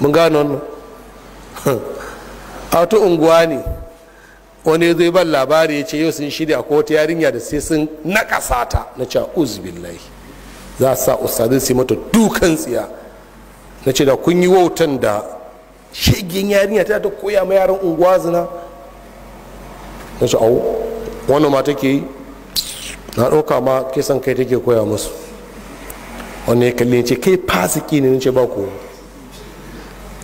mun gano wannan a wata unguwa ne wani zai ban labari ya ce yau sun shirya ko wata yarinya da sai sun nakasa ta na ce uzbillahi za sa ustazin su mata dukan tsiya na ce da kun yi wautan da shigin yarinya ta ta koya ma yaran unguwa zina na ce au wannan ma take yi na ɗauka ma kisan kai take koya musu wani ya kalli ce kai fasiki ne na ce ba kowa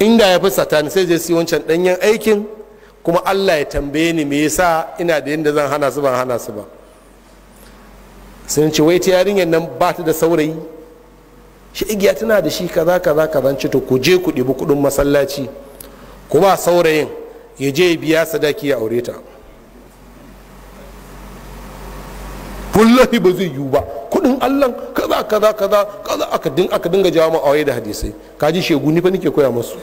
inda ya fi satani sai je siyo wancan ɗanyen aikin kuma allah ya tambaye ni me yasa ina da yadda zan hana su ban hana su ba sun ce wai ta yarinyar nan ba ta da saurayi shi igiya tana da shi kaza kaza kaza ce to ku je ku ɗibi kuɗin masallaci ku ba saurayin ya je ya biya sadaki ya aure ta wallahi ba zai yiwu ba allah kaza kaza kaza kaza aka din aka dinga jawo mu awaye da hadisai kaji shegu ni fa nake koya musu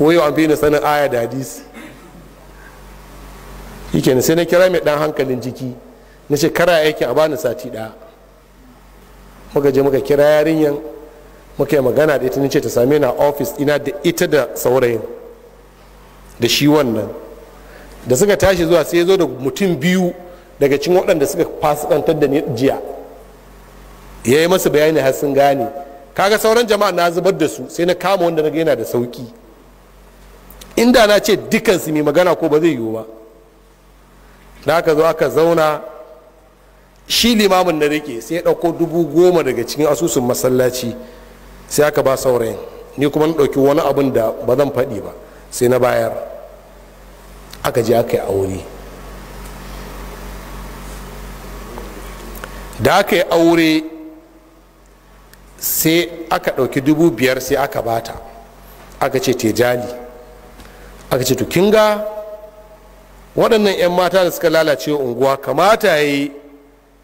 wayo an fi sanin aya da hadisi Yake ne sai na kira mai dan hankalin jiki na ce kara yake a bani sati daya muka je muka kira yarinyan muka yi magana da ita nace ta same na ofis ina da ita da saurayin da shi wannan da suka tashi zuwa sai ya zo da mutum biyu daga cikin waɗanda suka fasikantar da ni jiya ya yi masa bayani har sun gane kaga sauran jama'a na zubar da su sai na kama wanda na yana da sauki inda na ce dukansu mai magana ko ba zai yiwu ba da ka zo aka zauna shi limamin na rike sai ya ɗauko dubu goma daga cikin asusun masallaci sai aka ba saurayin ni kuma na ɗauki wani abin da ba zan faɗi ba sai na bayar aka je aka yi aure da aka yi aure sai aka ɗauki dubu biyar sai aka bata aka ce tejali aka ce kin ga waɗannan 'yan mata da suka lalace unguwa kamata ya yi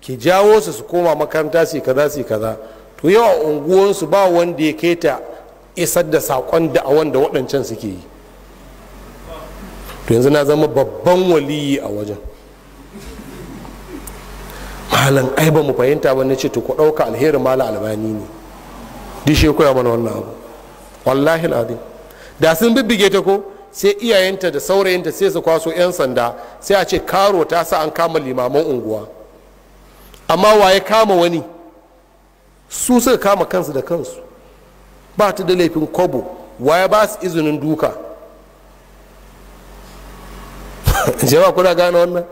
ki jawo su su koma makaranta su kaza su kaza to yawa unguwansu ba wanda ya kai ta isar da saƙon da wanda waɗancan suke yi to yanzu na zama babban waliyi a wajen malam ai ba mu fahimta ba na ce to ku ɗauka alherin mala albani ne dishe koya mana wannan abu wallahi al'adun da sun bibbige ta ko sai iyayenta da saurayinta sai su kwaso 'yan sanda sai a ce karo ta sa an kama limaman unguwa amma waye kama wani su suka kama kansu da kansu ba ta da laifin kwabo waye ba su izinin duka jama'a kuna gane wannan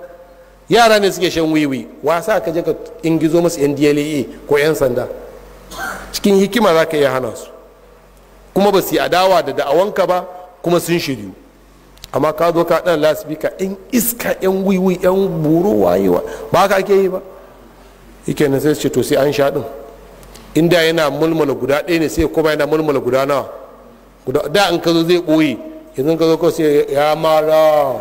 yara ne suke shan wiwi wasa ka je ka ingizo masu yan dla ko yan sanda cikin hikima za ka iya hana su kuma ba su yi adawa da da'awanka ba kuma sun shiryu amma ka zo ka ɗan lasifika in iska yan wiwi yan buru wayewa ba ka ke yi ba yake nan sai ce to sai an sha ɗin inda yana mulmula guda ɗaya ne sai kuma yana mulmula guda nawa guda da in ka zo zai ɓoye yanzu ka zo ka sai ya mara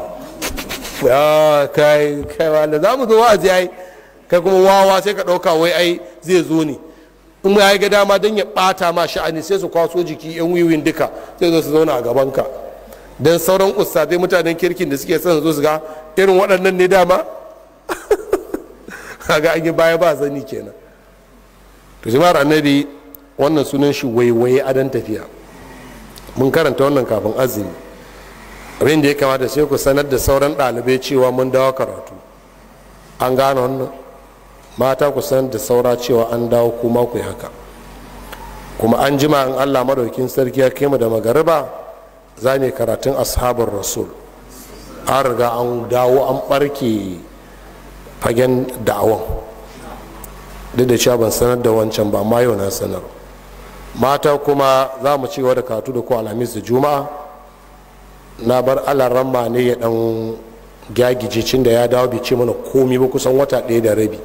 ya kai kai wala za mu zo wa'azi ai kai kuma wawa sai ka ɗauka wai ai zai zo ne in ya ga dama don ya ɓata ma sha'ani sai su kwaso jiki yan wiwin duka sai zo su zauna a gaban ka don sauran ustazai mutanen kirkin da suke son zo su ga irin waɗannan ne dama ga an yi baya ba zani kenan to jama'ar annabi wannan sunan shi waiwaye dan tafiya mun karanta wannan kafin azumi abin da ya kamata sai ku sanar da sauran ɗalibai cewa mun dawo karatu an gane wannan mata ku san da saura cewa an dawo kuma ku haka kuma an jima in allah madaukin sarki ya kai mu da magariba za mu karatun ashabar rasul an riga an dawo an ɓarke fagen da'awan duk da cewa ban sanar da wancan ba ma yau na sanar mata kuma za mu cewa da katu da ko alhamis da juma'a na bar alaramma ne ya dan gyagije cin da ya dawo bai ce mana komi ba kusan wata ɗaya da rabi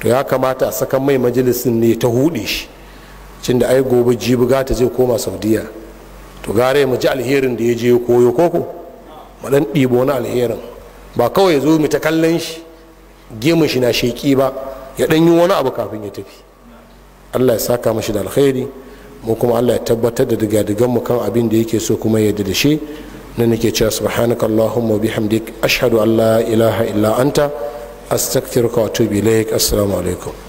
to ya kamata a sakan mai majalisin ne ta hude shi da ai gobe jibi ta zai koma saudiya to gare mu ji alherin da ya je koyo koko mu dan ɗibo wani alherin ba kawai ya zo mu ta kallon shi gemun shi na sheki ba ya dan yi wani abu kafin ya tafi allah ya saka mashi da alkhairi mu kuma allah ya tabbatar da digadigan mu kan abin da yake so kuma yadda da shi na nake cewa subhanakallahumma bihamdik ashhadu an la ilaha illa anta astaghfiruka wa atubu ilaik assalamu alaikum